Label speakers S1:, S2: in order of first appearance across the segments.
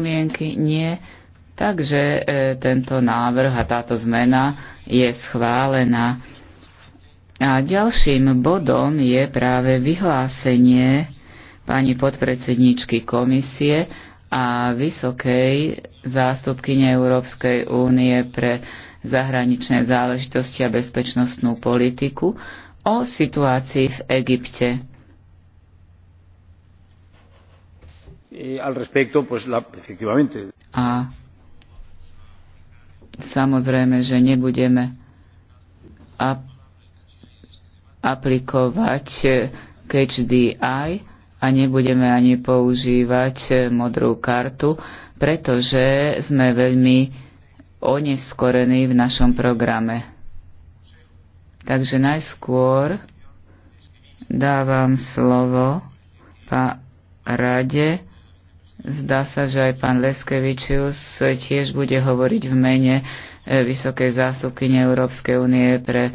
S1: Mienky nie. Takže e, tento návrh a táto zmena je schválená. A ďalším bodom je práve vyhlásenie pani podpredsedničky komisie a vysokej zástupkyne Európskej únie pre zahraničné záležitosti a bezpečnostnú politiku o situácii v Egypte.
S2: Eh, al respecto, pues la, efectivamente.
S1: A samozrejme, že nebudeme ap- aplikovať eh, catch the eye a nebudeme ani používať eh, modrú kartu, pretože sme veľmi oneskorení v našom programe. Takže najskôr dávam slovo pa rade Zdá sa, že aj pán Leskevičius tiež bude hovoriť v mene e, Vysokej zástupkyne Európskej únie pre e,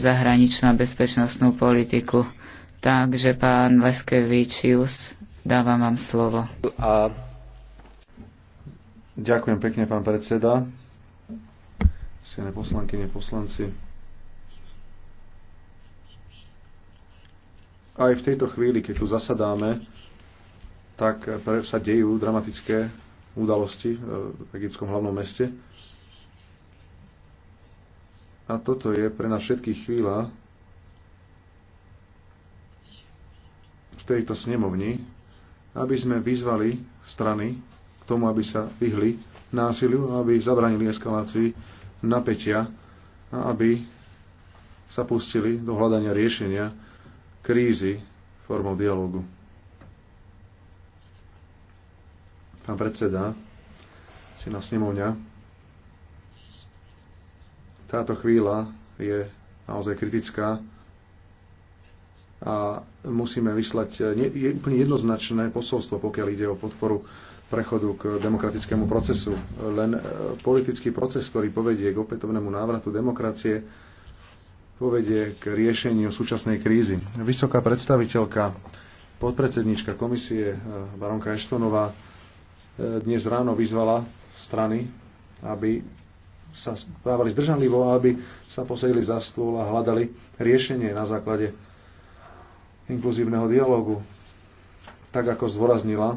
S1: zahraničnú a bezpečnostnú politiku. Takže pán Leskevičius, dávam vám slovo.
S2: A... Ďakujem pekne, pán predseda. Sene poslankyne, poslanci. Aj v tejto chvíli, keď tu zasadáme, tak eh, sa dejú dramatické udalosti eh, v egyptskom hlavnom meste. A toto je pre nás všetkých chvíľa v tejto snemovni, aby sme vyzvali strany k tomu, aby sa vyhli násiliu, aby zabranili eskalácii napätia a aby sa pustili do hľadania riešenia krízy formou dialogu. pán predseda, si na snemovňa. Táto chvíľa je naozaj kritická a musíme vyslať eh, je úplne jednoznačné posolstvo, pokiaľ ide o podporu prechodu k demokratickému procesu. Len eh, politický proces, ktorý povedie k opätovnému návratu demokracie, povedie k riešeniu súčasnej krízy. Vysoká predstaviteľka, podpredsednička komisie eh, Baronka Eštonová dnes ráno vyzvala strany, aby sa správali zdržanlivo a aby sa posedili za stôl a hľadali riešenie na základe inkluzívneho dialogu. Tak ako zdôraznila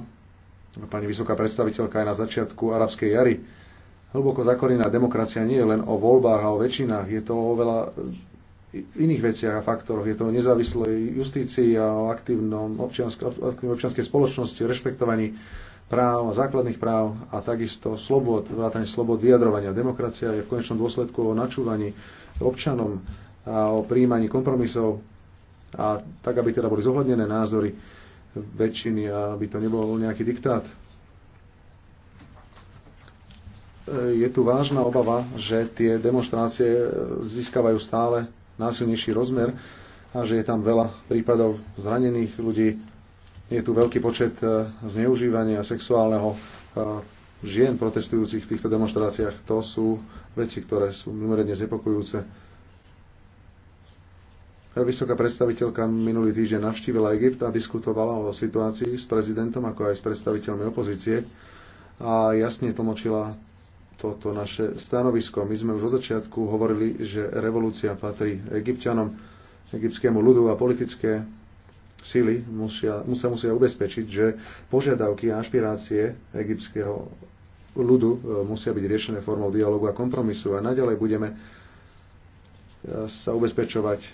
S2: pani vysoká predstaviteľka aj na začiatku arabskej jary, hlboko zakorená demokracia nie je len o voľbách a o väčšinách, je to o veľa iných veciach a faktoroch. Je to o nezávislej justícii a o aktívnom občianskej, občianskej spoločnosti, o rešpektovaní práv, základných práv a takisto slobod, vrátane slobod vyjadrovania. Demokracia je v konečnom dôsledku o načúvaní občanom a o príjmaní kompromisov a tak, aby teda boli zohľadnené názory väčšiny a aby to nebol nejaký diktát. E, je tu vážna obava, že tie demonstrácie e, získavajú stále násilnejší rozmer a že je tam veľa prípadov zranených ľudí, je tu veľký počet e, zneužívania sexuálneho e, žien protestujúcich v týchto demonstráciách. To sú veci, ktoré sú mimoriadne znepokojujúce. Vysoká predstaviteľka minulý týždeň navštívila Egypt a diskutovala o situácii s prezidentom, ako aj s predstaviteľmi opozície a jasne tlmočila toto naše stanovisko. My sme už od začiatku hovorili, že revolúcia patrí egyptianom, egyptskému ľudu a politické sily musia, musia, musia ubezpečiť, že požiadavky a ašpirácie egyptského ľudu e, musia byť riešené formou dialogu a kompromisu. A naďalej budeme e, sa ubezpečovať e,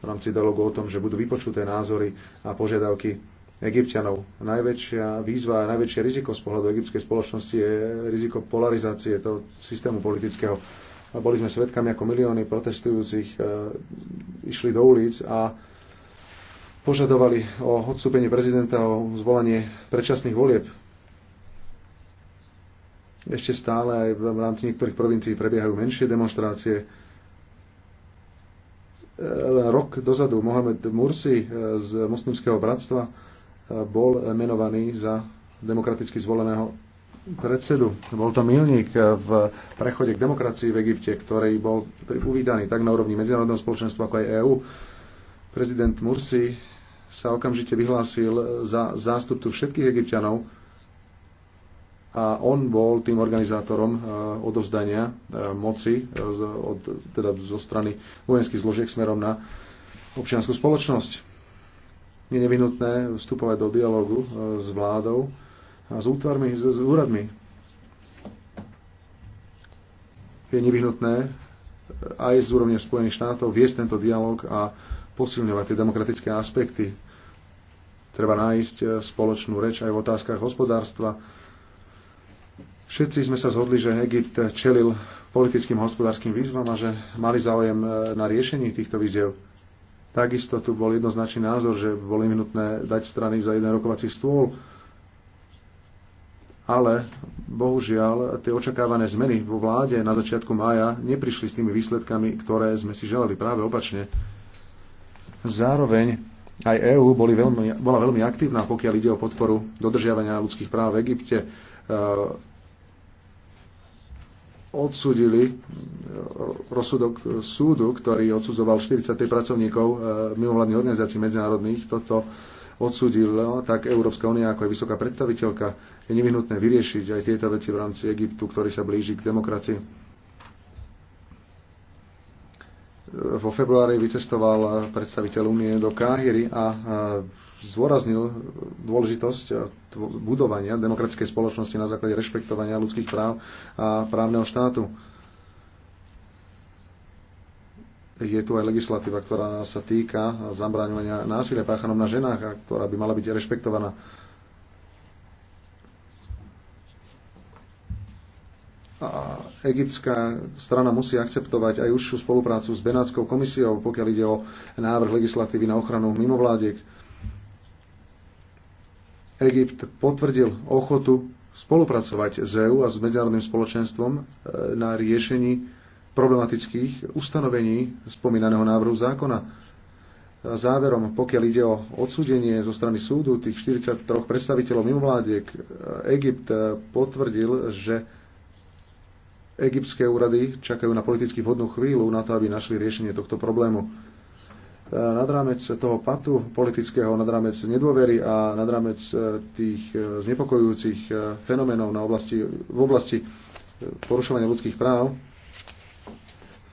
S2: v rámci dialogu o tom, že budú vypočuté názory a požiadavky egyptianov. Najväčšia výzva a najväčšie riziko z pohľadu egyptskej spoločnosti je riziko polarizácie toho systému politického. A boli sme svedkami, ako milióny protestujúcich išli do ulic a požadovali o odstúpenie prezidenta, o zvolanie predčasných volieb. Ešte stále aj v rámci niektorých provincií prebiehajú menšie demonstrácie. E, len rok dozadu Mohamed Mursi e, z moslimského bratstva e, bol menovaný za demokraticky zvoleného predsedu. Bol to milník v prechode k demokracii v Egypte, ktorý bol uvítaný tak na úrovni medzinárodného spoločenstva ako aj EÚ. Prezident Mursi sa okamžite vyhlásil za zástupcu všetkých egyptianov a on bol tým organizátorom e, odovzdania e, moci e, od, teda zo strany vojenských zložiek smerom na občianskú spoločnosť. Je nevyhnutné vstupovať do dialogu s vládou a s útvarmi, s úradmi. Je nevyhnutné aj z úrovne Spojených štátov viesť tento dialog a posilňovať tie demokratické aspekty. Treba nájsť eh, spoločnú reč aj v otázkach hospodárstva. Všetci sme sa zhodli, že Egypt čelil politickým hospodárskym výzvam a že mali záujem eh, na riešení týchto výziev. Takisto tu bol jednoznačný názor, že boli nutné dať strany za jeden rokovací stôl, ale bohužiaľ tie očakávané zmeny vo vláde na začiatku mája neprišli s tými výsledkami, ktoré sme si želali práve opačne. Zároveň aj EÚ veľmi, bola veľmi aktívna, pokiaľ ide o podporu dodržiavania ľudských práv v Egypte. Eh, odsudili eh, rozsudok súdu, ktorý odsudzoval 43 pracovníkov eh, mimovládnych organizácií medzinárodných. Toto odsudil tak Európska únia ako aj vysoká predstaviteľka. Je nevyhnutné vyriešiť aj tieto veci v rámci Egyptu, ktorý sa blíži k demokracii vo februári vycestoval predstaviteľ únie do Káhyry a zdôraznil dôležitosť budovania demokratickej spoločnosti na základe rešpektovania ľudských práv a právneho štátu. Je tu aj legislatíva, ktorá sa týka zabraňovania násilia páchanom na ženách a ktorá by mala byť rešpektovaná egyptská strana musí akceptovať aj užšiu spoluprácu s Benátskou komisiou, pokiaľ ide o návrh legislatívy na ochranu mimovládiek. Egypt potvrdil ochotu spolupracovať s EU a s medzinárodným spoločenstvom e, na riešení problematických ustanovení spomínaného návrhu zákona. Záverom, pokiaľ ide o odsúdenie zo strany súdu tých 43 predstaviteľov mimovládiek, e, Egypt e, potvrdil, že Egyptské úrady čakajú na politicky vhodnú chvíľu na to, aby našli riešenie tohto problému. E, nadrámec toho patu politického, nadrámec nedôvery a nadrámec e, tých e, znepokojujúcich fenoménov na oblasti, v oblasti porušovania ľudských práv,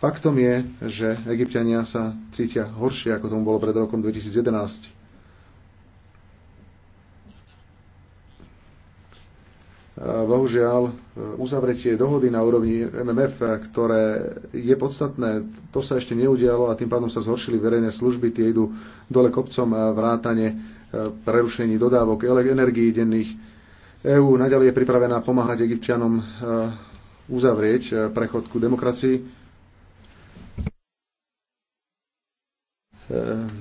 S2: faktom je, že egyptiania sa cítia horšie, ako tomu bolo pred rokom 2011 Bohužiaľ, uzavretie dohody na úrovni MMF, ktoré je podstatné, to sa ešte neudialo a tým pádom sa zhoršili verejné služby, tie idú dole kopcom a vrátane e, prerušení dodávok energií denných. EÚ naďalej je pripravená pomáhať egyptianom e, uzavrieť e, prechod ku demokracii.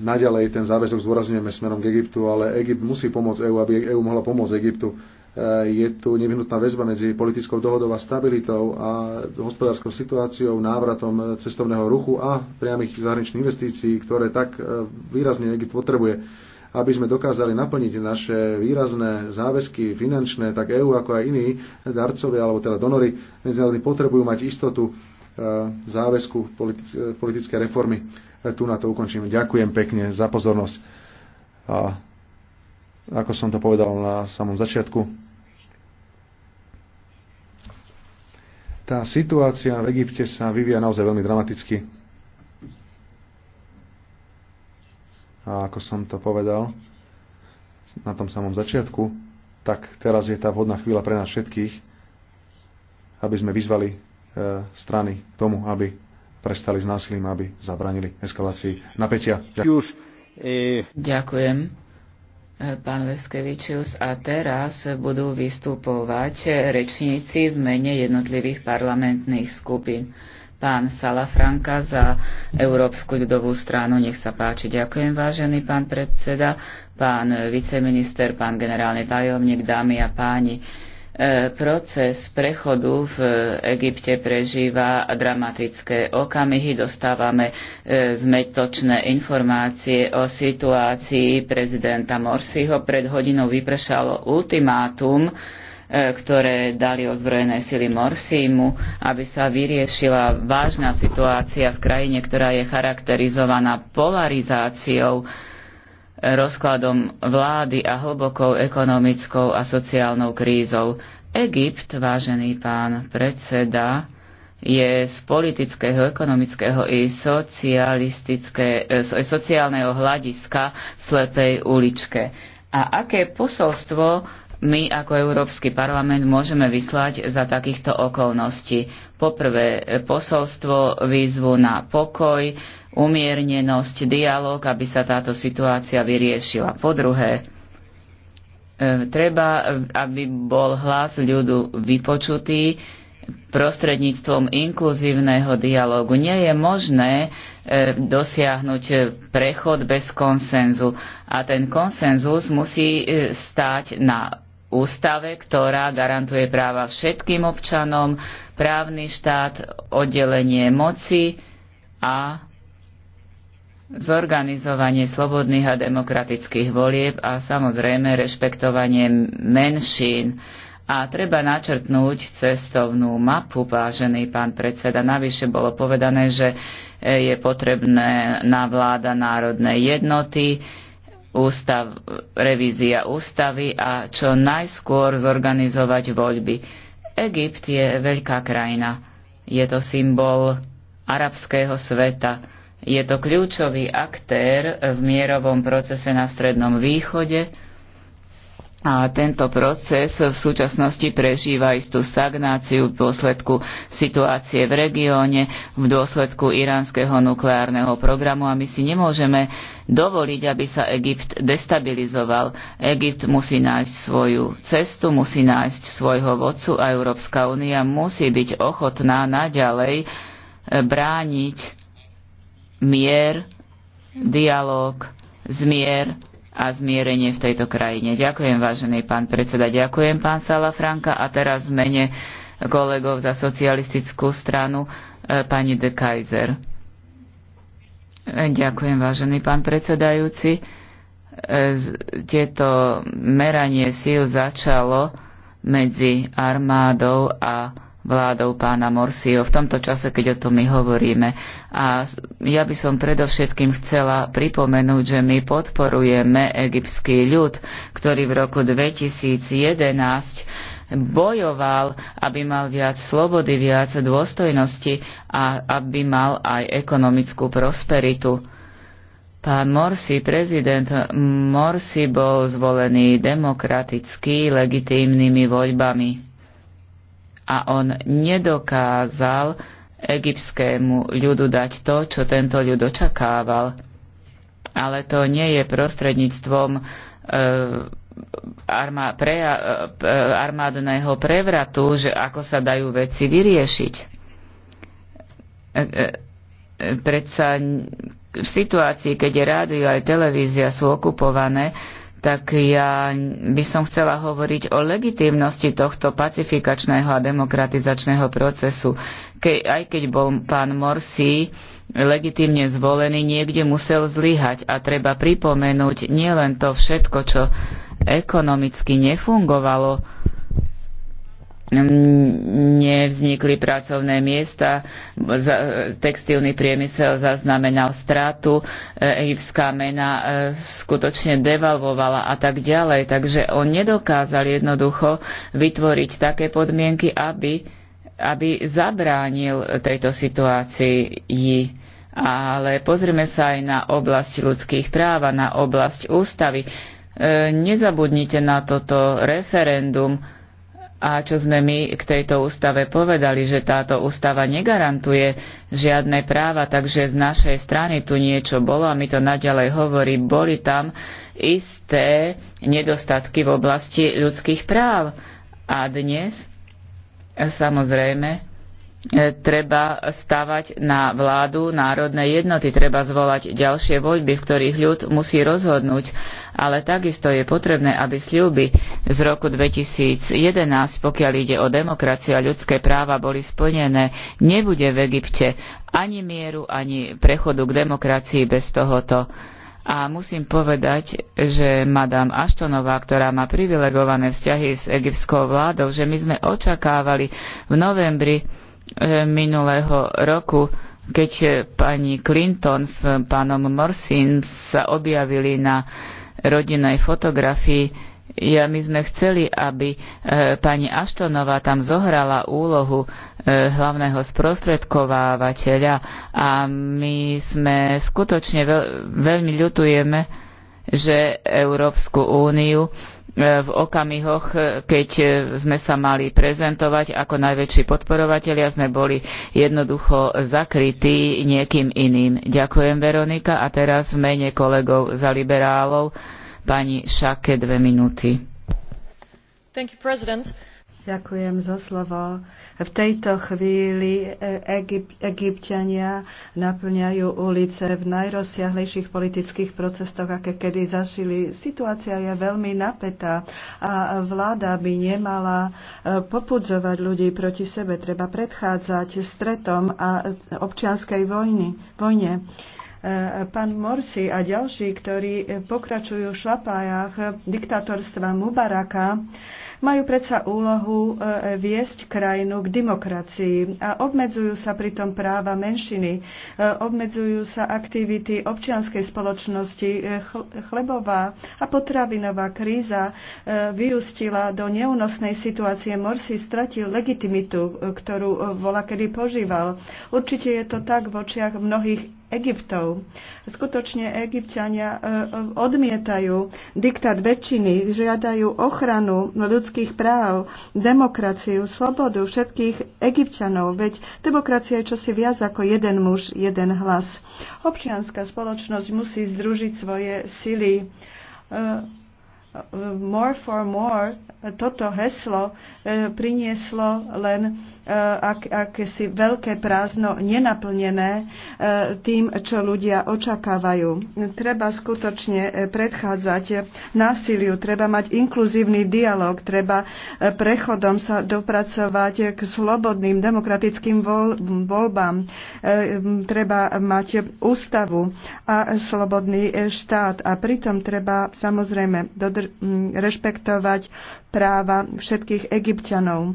S2: naďalej ten záväzok zdôrazňujeme smerom k Egyptu, ale Egypt musí pomôcť EÚ, aby EÚ mohla pomôcť Egyptu. Eh, je tu nevyhnutná väzba medzi politickou dohodou a stabilitou a hospodárskou situáciou, návratom eh, cestovného ruchu a priamých zahraničných investícií, ktoré tak eh, výrazne Egypt potrebuje. Aby sme dokázali naplniť naše výrazné záväzky finančné, tak EÚ ako aj iní darcovia alebo teda donory medzinárodní potrebujú mať istotu záväzku politické reformy. Tu na to ukončím. Ďakujem pekne za pozornosť. A ako som to povedal na samom začiatku, tá situácia v Egypte sa vyvíja naozaj veľmi dramaticky. A ako som to povedal na tom samom začiatku, tak teraz je tá vhodná chvíľa pre nás všetkých, aby sme vyzvali e, strany k tomu, aby prestali s násilím, aby zabranili eskalácii napätia. E,
S1: Ďakujem. Ďakujem pán Leskevičius. A teraz budú vystupovať rečníci v mene jednotlivých parlamentných skupín. Pán Salafranka za Európsku ľudovú stranu, nech sa páči. Ďakujem, vážený pán predseda, pán viceminister, pán generálny tajomník, dámy a páni. E, proces prechodu v Egypte prežíva dramatické okamihy. Dostávame e, zmetočné informácie o situácii prezidenta Morsiho. Pred hodinou vypršalo ultimátum, e, ktoré dali ozbrojené sily Morsímu, aby sa vyriešila vážna situácia v krajine, ktorá je charakterizovaná polarizáciou rozkladom vlády a hlbokou ekonomickou a sociálnou krízou. Egypt, vážený pán predseda, je z politického, ekonomického i e, sociálneho hľadiska v slepej uličke. A aké posolstvo my ako Európsky parlament môžeme vyslať za takýchto okolností? Poprvé, e, posolstvo výzvu na pokoj, umiernenosť, dialog, aby sa táto situácia vyriešila. Po druhé, e, treba, aby bol hlas ľudu vypočutý prostredníctvom inkluzívneho dialogu. Nie je možné e, dosiahnuť prechod bez konsenzu. A ten konsenzus musí e, stať na ústave, ktorá garantuje práva všetkým občanom, právny štát, oddelenie moci a zorganizovanie slobodných a demokratických volieb a samozrejme rešpektovanie menšín. A treba načrtnúť cestovnú mapu, vážený pán predseda. Navyše bolo povedané, že e, je potrebné na vláda národnej jednoty, ústav, revízia ústavy a čo najskôr zorganizovať voľby. Egypt je veľká krajina. Je to symbol arabského sveta je to kľúčový aktér v mierovom procese na Strednom východe a tento proces v súčasnosti prežíva istú stagnáciu v dôsledku situácie v regióne, v dôsledku iránskeho nukleárneho programu a my si nemôžeme dovoliť, aby sa Egypt destabilizoval. Egypt musí nájsť svoju cestu, musí nájsť svojho vodcu a Európska únia musí byť ochotná naďalej brániť mier, dialog, zmier a zmierenie v tejto krajine. Ďakujem, vážený pán predseda, ďakujem, pán Salafranka. A teraz v mene kolegov za socialistickú stranu, e, pani de Kaiser. E, ďakujem, vážený pán predsedajúci. E, tieto meranie síl začalo medzi armádou a vládou pána Morsiho v tomto čase, keď o tom my hovoríme. A ja by som predovšetkým chcela pripomenúť, že my podporujeme egyptský ľud, ktorý v roku 2011 bojoval, aby mal viac slobody, viac dôstojnosti a aby mal aj ekonomickú prosperitu. Pán Morsi, prezident Morsi bol zvolený demokraticky, legitímnymi voľbami a on nedokázal egyptskému ľudu dať to, čo tento ľud očakával. Ale to nie je prostredníctvom e, pre, e, e, armádneho prevratu, že ako sa dajú veci vyriešiť. E, e, predsa v situácii, keď je rádio aj televízia sú okupované, tak ja by som chcela hovoriť o legitímnosti tohto pacifikačného a demokratizačného procesu. Ke, aj keď bol pán Morsi legitímne zvolený, niekde musel zlyhať a treba pripomenúť nielen to všetko, čo ekonomicky nefungovalo, nevznikli pracovné miesta, textilný priemysel zaznamenal stratu, e, egyptská mena e, skutočne devalvovala a tak ďalej. Takže on nedokázal jednoducho vytvoriť také podmienky, aby, aby zabránil tejto situácii. Ale pozrime sa aj na oblasť ľudských práv a na oblasť ústavy. E, nezabudnite na toto referendum, a čo sme my k tejto ústave povedali, že táto ústava negarantuje žiadne práva, takže z našej strany tu niečo bolo a my to naďalej hovorí, boli tam isté nedostatky v oblasti ľudských práv. A dnes, samozrejme, E, treba stavať na vládu národnej jednoty, treba zvolať ďalšie voľby, v ktorých ľud musí rozhodnúť, ale takisto je potrebné, aby sľuby z roku 2011, pokiaľ ide o demokraciu a ľudské práva, boli splnené. Nebude v Egypte ani mieru, ani prechodu k demokracii bez tohoto. A musím povedať, že madame Ashtonová, ktorá má privilegované vzťahy s egyptskou vládou, že my sme očakávali v novembri E, minulého roku, keď pani Clinton s pánom Morsin sa objavili na rodinnej fotografii, ja, my sme chceli, aby e, pani Aštonová tam zohrala úlohu e, hlavného sprostredkovávateľa a my sme skutočne veľ, veľmi ľutujeme, že Európsku úniu E, v okamihoch, e, keď e, sme sa mali prezentovať ako najväčší podporovatelia, sme boli jednoducho zakrytí niekým iným. Ďakujem, Veronika. A teraz v mene kolegov za liberálov pani Šake dve minúty.
S3: You, Ďakujem za slovo. V tejto chvíli e, Egyp- egyptiania naplňajú ulice v najrozsiahlejších politických procesoch, aké kedy zašili. Situácia je veľmi napätá a vláda by nemala e, popudzovať ľudí proti sebe. Treba predchádzať stretom a e, občianskej vojny, vojne pán Morsi a ďalší, ktorí pokračujú v šlapájach diktatorstva Mubaraka, majú predsa úlohu e, viesť krajinu k demokracii a obmedzujú sa pritom práva menšiny, e, obmedzujú sa aktivity občianskej spoločnosti, e, chlebová a potravinová kríza vyústila do neúnosnej situácie. Morsi stratil legitimitu, ktorú volakedy požíval. Určite je to tak v očiach mnohých Egyptov. Skutočne egyptiania e, e, odmietajú diktát väčšiny, žiadajú ochranu ľudských práv, demokraciu, slobodu všetkých egyptianov, veď demokracia je čosi viac ako jeden muž, jeden hlas. Občianská spoločnosť musí združiť svoje sily e, More for More, toto heslo e, prinieslo len e, ak, akési veľké prázdno nenaplnené e, tým, čo ľudia očakávajú. Treba skutočne predchádzať násiliu, treba mať inkluzívny dialog, treba prechodom sa dopracovať k slobodným demokratickým voľbám, treba mať ústavu a slobodný štát a pritom treba samozrejme dodržať Mm, rešpektovať práva všetkých egyptianov.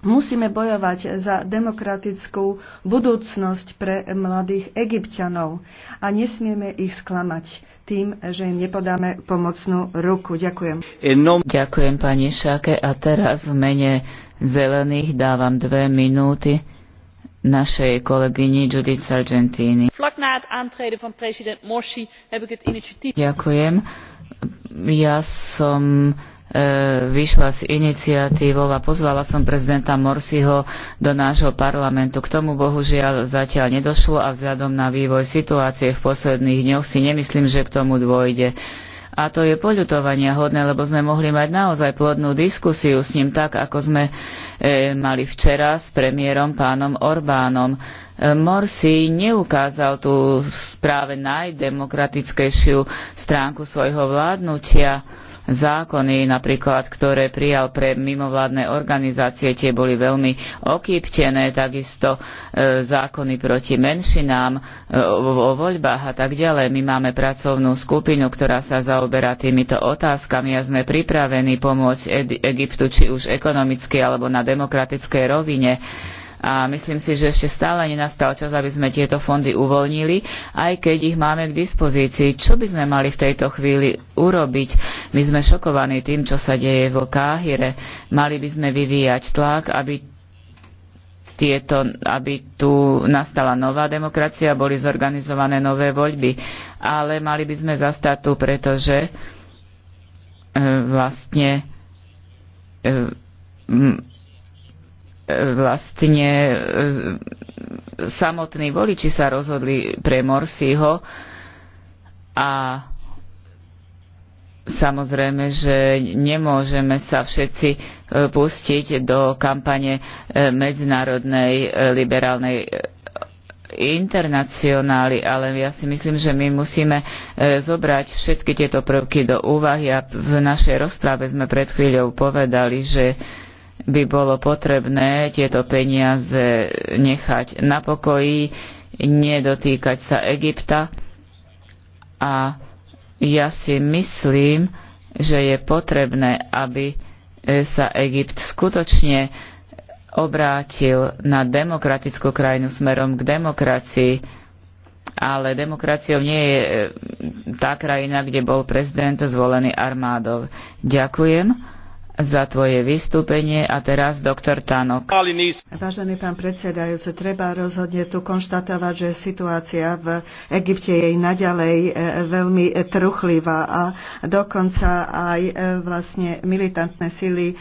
S3: Musíme bojovať za demokratickú budúcnosť pre mladých egyptianov a nesmieme ich sklamať tým, že im nepodáme pomocnú ruku. Ďakujem.
S1: Ďakujem pani Šake a teraz v mene zelených dávam dve minúty našej kolegyni Judith Sargentini. Ďakujem. Ja som e, vyšla s iniciatívou a pozvala som prezidenta Morsiho do nášho parlamentu. K tomu bohužiaľ zatiaľ nedošlo a vzhľadom na vývoj situácie v posledných dňoch si nemyslím, že k tomu dôjde. A to je poľutovania hodné, lebo sme mohli mať naozaj plodnú diskusiu s ním, tak ako sme e, mali včera s premiérom pánom Orbánom. Morsi neukázal tú správe najdemokratickejšiu stránku svojho vládnutia. Zákony napríklad, ktoré prijal pre mimovládne organizácie, tie boli veľmi okýptené, takisto e, zákony proti menšinám e, o, o voľbách a tak ďalej. My máme pracovnú skupinu, ktorá sa zaoberá týmito otázkami a sme pripravení pomôcť Egyptu či už ekonomicky alebo na demokratickej rovine a myslím si, že ešte stále nenastal čas, aby sme tieto fondy uvoľnili, aj keď ich máme k dispozícii. Čo by sme mali v tejto chvíli urobiť? My sme šokovaní tým, čo sa deje vo Káhire. Mali by sme vyvíjať tlak, aby tieto, aby tu nastala nová demokracia, boli zorganizované nové voľby. Ale mali by sme zastať tu, pretože e, vlastne e, vlastne e, samotní voliči sa rozhodli pre Morsiho a samozrejme, že nemôžeme sa všetci e, pustiť do kampane e, medzinárodnej liberálnej internacionály, ale ja si myslím, že my musíme zobrať všetky tieto prvky do úvahy a v našej rozpráve sme pred chvíľou povedali, že by bolo potrebné tieto peniaze nechať na pokoji, nedotýkať sa Egypta. A ja si myslím, že je potrebné, aby e, sa Egypt skutočne obrátil na demokratickú krajinu smerom k demokracii, ale demokraciou nie je e, tá krajina, kde bol prezident zvolený armádou. Ďakujem za tvoje vystúpenie a teraz doktor Tanok.
S3: Vážený pán predsedajúci, treba rozhodne tu konštatovať, že situácia v Egypte je naďalej e, veľmi truchlivá a dokonca aj e, vlastne militantné sily e,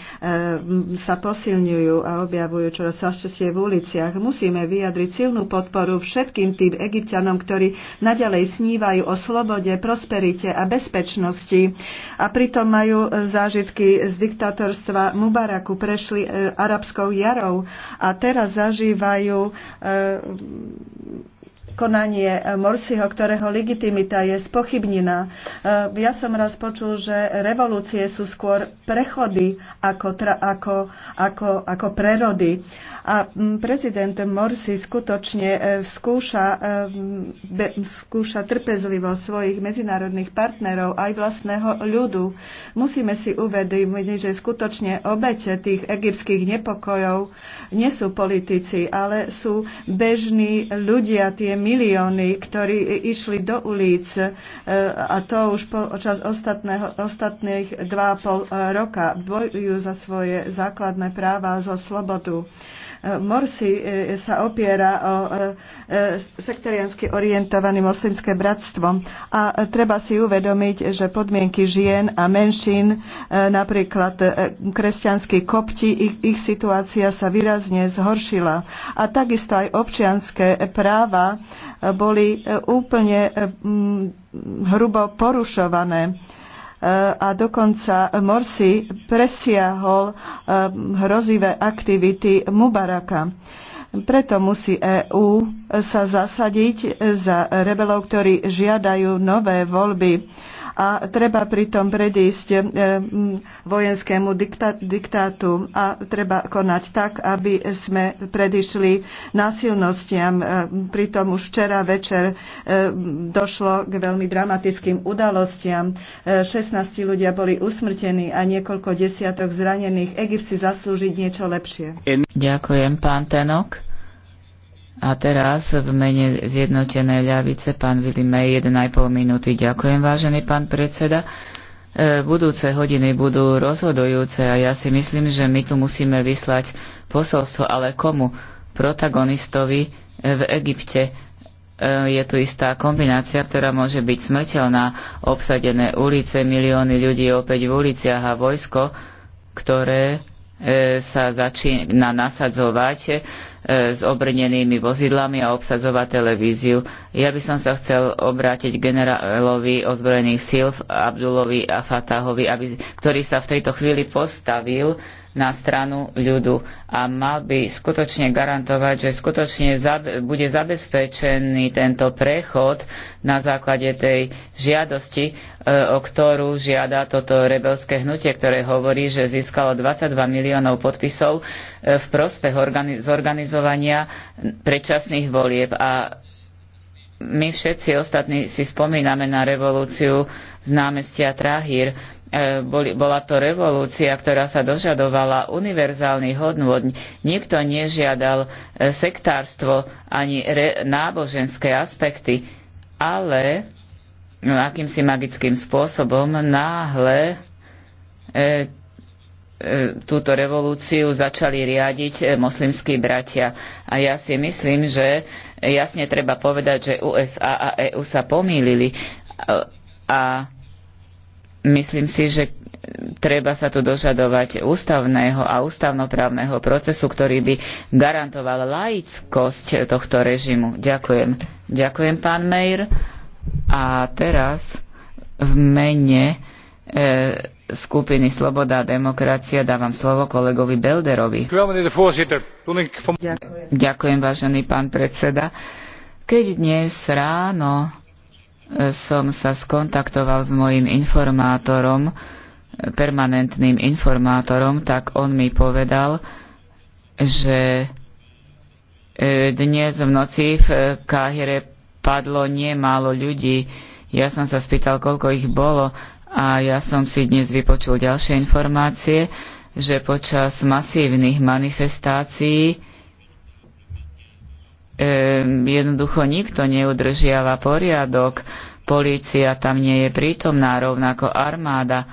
S3: sa posilňujú a objavujú čoraz častejšie v uliciach. Musíme vyjadriť silnú podporu všetkým tým egyptianom, ktorí naďalej snívajú o slobode, prosperite a bezpečnosti a pritom majú zážitky z diktatúry diktátorstva Mubaraku prešli e, arabskou jarou a teraz zažívajú e, konanie Morsiho, ktorého legitimita je spochybnená. E, ja som raz počul, že revolúcie sú skôr prechody ako, ako, ako, ako prerody. A prezident Morsi skutočne e, skúša, e, skúša trpezlivo svojich medzinárodných partnerov aj vlastného ľudu. Musíme si uvedomiť, že skutočne obete tých egyptských nepokojov nie sú politici, ale sú bežní ľudia, tie milióny, ktorí išli do ulic e, a to už počas ostatného, ostatných 2,5 e, roka bojujú za svoje základné práva a za slobodu. Morsi e, sa opiera o e, sektoriansky orientované moslimské bratstvo a treba si uvedomiť, že podmienky žien a menšín, e, napríklad kresťanskí kopti, ich, ich situácia sa výrazne zhoršila. A takisto aj občianské práva boli úplne hrubo porušované a dokonca Morsi presiahol e, hrozivé aktivity Mubaraka. Preto musí EÚ sa zasadiť za rebelov, ktorí žiadajú nové voľby a treba pritom predísť e, vojenskému diktátu a treba konať tak, aby sme predišli násilnostiam. E, pritom už včera večer e, došlo k veľmi dramatickým udalostiam. 16 ľudia boli usmrtení a niekoľko desiatok zranených. Egypt si zaslúžiť niečo lepšie.
S1: Ďakujem, pán Tenok. A teraz v mene zjednotenej ľavice pán Vili May 1,5 minúty. Ďakujem, vážený pán predseda. E, budúce hodiny budú rozhodujúce a ja si myslím, že my tu musíme vyslať posolstvo, ale komu? Protagonistovi e, v Egypte. E, je tu istá kombinácia, ktorá môže byť smrteľná. Obsadené ulice, milióny ľudí opäť v uliciach a vojsko, ktoré sa začína nasadzovať E, s obrnenými vozidlami a obsadzovať televíziu. Ja by som sa chcel obrátiť generálovi ozbrojených síl Abdulovi a Fatahovi, aby, ktorý sa v tejto chvíli postavil na stranu ľudu a mal by skutočne garantovať, že skutočne bude zabezpečený tento prechod na základe tej žiadosti, e, o ktorú žiada toto rebelské hnutie, ktoré hovorí, že získalo 22 miliónov podpisov e, v prospech zorganizovania predčasných volieb a my všetci ostatní si spomíname na revolúciu z námestia Trahír, E, boli, bola to revolúcia, ktorá sa dožadovala univerzálnych hodnôt. Nikto nežiadal e, sektárstvo ani re, náboženské aspekty, ale no, akýmsi magickým spôsobom náhle e, e túto revolúciu začali riadiť moslimskí bratia. A ja si myslím, že jasne treba povedať, že USA a EU sa pomýlili a Myslím si, že treba sa tu dožadovať ústavného a ústavnoprávneho procesu, ktorý by garantoval laickosť tohto režimu. Ďakujem. Ďakujem, pán Mejr. A teraz v mene e, skupiny Sloboda a demokracia dávam slovo kolegovi Belderovi. Ďakujem, vážený pán predseda. Keď dnes ráno som sa skontaktoval s mojim informátorom, permanentným informátorom, tak on mi povedal, že e, dnes v noci v Káhire padlo nemálo ľudí. Ja som sa spýtal, koľko ich bolo a ja som si dnes vypočul ďalšie informácie, že počas masívnych manifestácií jednoducho nikto neudržiava poriadok, polícia tam nie je prítomná, rovnako armáda.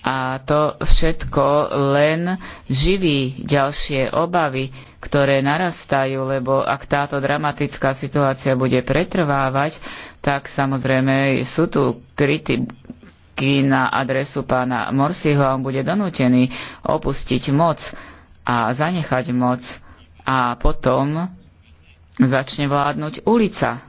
S1: A to všetko len živí ďalšie obavy, ktoré narastajú, lebo ak táto dramatická situácia bude pretrvávať, tak samozrejme sú tu kritiky na adresu pána Morsiho a on bude donútený opustiť moc a zanechať moc. A potom začne vládnuť ulica.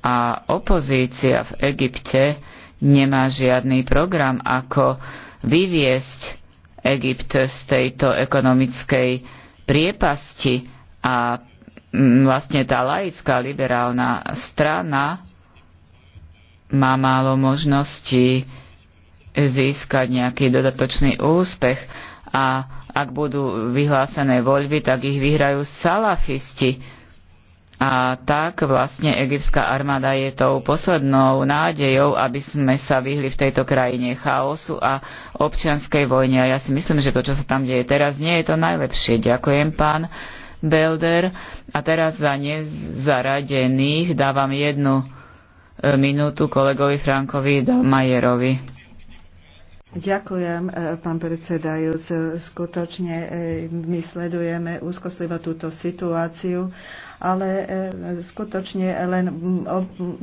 S1: A opozícia v Egypte nemá žiadny program, ako vyviesť Egypt z tejto ekonomickej priepasti a mm, vlastne tá laická liberálna strana má málo možností získať nejaký dodatočný úspech a ak budú vyhlásené voľby, tak ich vyhrajú salafisti a tak vlastne egyptská armáda je tou poslednou nádejou, aby sme sa vyhli v tejto krajine chaosu a občianskej vojne. A ja si myslím, že to, čo sa tam deje teraz, nie je to najlepšie. Ďakujem, pán Belder. A teraz za nezaradených dávam jednu e, minútu kolegovi Frankovi Majerovi.
S3: Ďakujem, e, pán predsedajúc. Skutočne e, my sledujeme úzkostlivo túto situáciu ale e, skutočne len,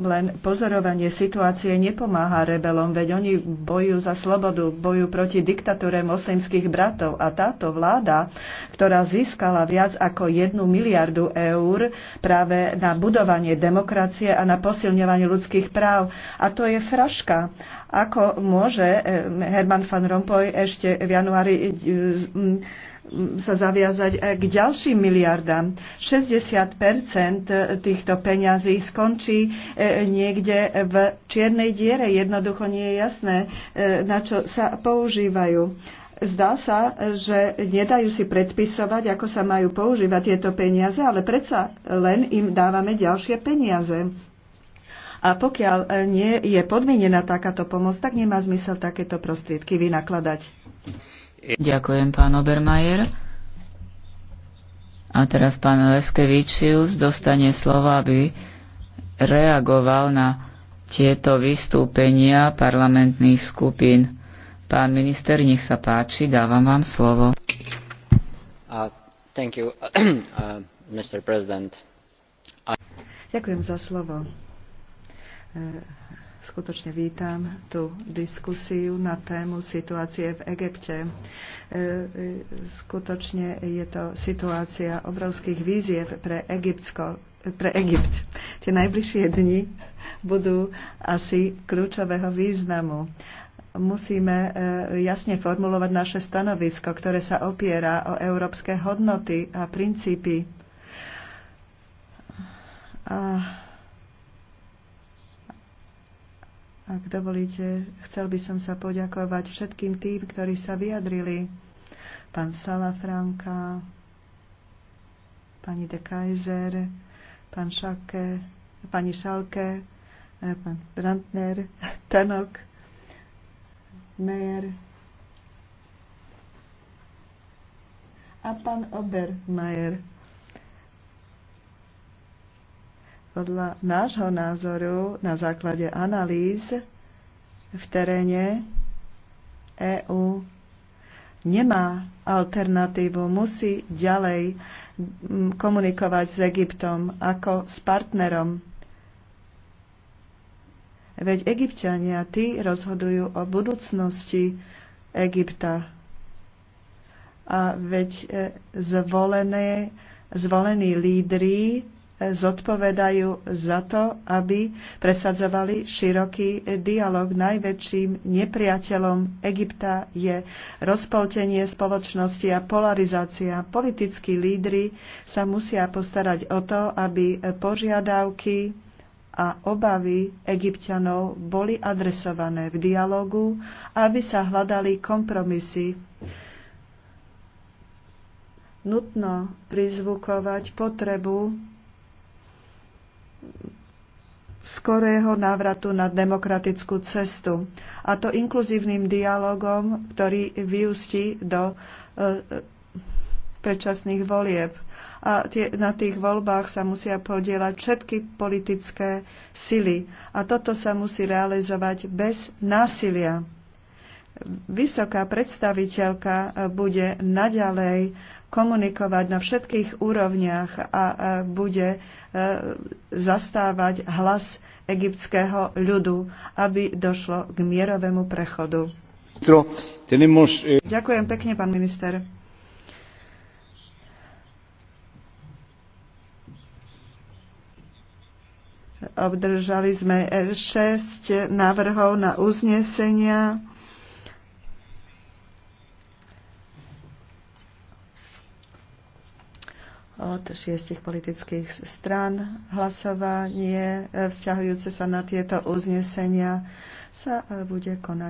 S3: len pozorovanie situácie nepomáha rebelom, veď oni bojujú za slobodu, bojujú proti diktatúre moslimských bratov a táto vláda, ktorá získala viac ako jednu miliardu eur práve na budovanie demokracie a na posilňovanie ľudských práv. A to je fraška ako môže e, Herman van Rompuy ešte v januári e, sa zaviazať k ďalším miliardám. 60 týchto peňazí skončí e, niekde v čiernej diere. Jednoducho nie je jasné, e, na čo sa používajú. Zdá sa, že nedajú si predpisovať, ako sa majú používať tieto peniaze, ale predsa len im dávame ďalšie peniaze. A pokiaľ e, nie je podmienená takáto pomoc, tak nemá zmysel takéto prostriedky
S1: vynakladať. Ďakujem, pán Obermajer. A teraz pán Leskevičius dostane slovo, aby reagoval na tieto vystúpenia parlamentných skupín. Pán minister, nech sa páči, dávam vám slovo.
S2: Uh, thank you, uh, uh Mr. President.
S3: Ďakujem za slovo. Uh, Skutočne vítam tú diskusiu na tému situácie v Egypte. E, e, skutočne je to situácia obrovských víziev pre Egyptsko, pre Egypt. Tie najbližšie dni budú asi kľúčového významu. Musíme e, jasne formulovať naše stanovisko, ktoré sa opiera o európske hodnoty a princípy. A Ak dovolíte, chcel by som sa poďakovať všetkým tým, ktorí sa vyjadrili. Pán Salafranka, pani de Kaiser, pán Šake, pani Šalke, eh, pán Brandner, Tanok, Meyer a pán Obermajer. Podľa nášho názoru na základe analýz v teréne EÚ nemá alternatívu, musí ďalej mm, komunikovať s Egyptom ako s partnerom. Veď egyptiania tí rozhodujú o budúcnosti Egypta. A veď e, zvolené, zvolení lídry zodpovedajú za to, aby presadzovali široký dialog. Najväčším nepriateľom Egypta je rozpoltenie spoločnosti a polarizácia. Politickí lídry sa musia postarať o to, aby požiadavky a obavy egyptianov boli adresované v dialogu, aby sa hľadali kompromisy nutno prizvukovať potrebu skorého návratu na demokratickú cestu. A to inkluzívnym dialogom, ktorý vyústi do e, e, predčasných volieb. A tie, na tých voľbách sa musia podielať všetky politické sily. A toto sa musí realizovať bez násilia. Vysoká predstaviteľka bude naďalej komunikovať na všetkých úrovniach a bude e, zastávať hlas egyptského ľudu, aby došlo k mierovému prechodu.
S2: Eh,
S3: Ďakujem pekne, pán minister. Obdržali sme 6 eh, návrhov na uznesenia. od šiestich politických strán. Hlasovanie eh, vzťahujúce sa na tieto uznesenia sa eh, bude konať.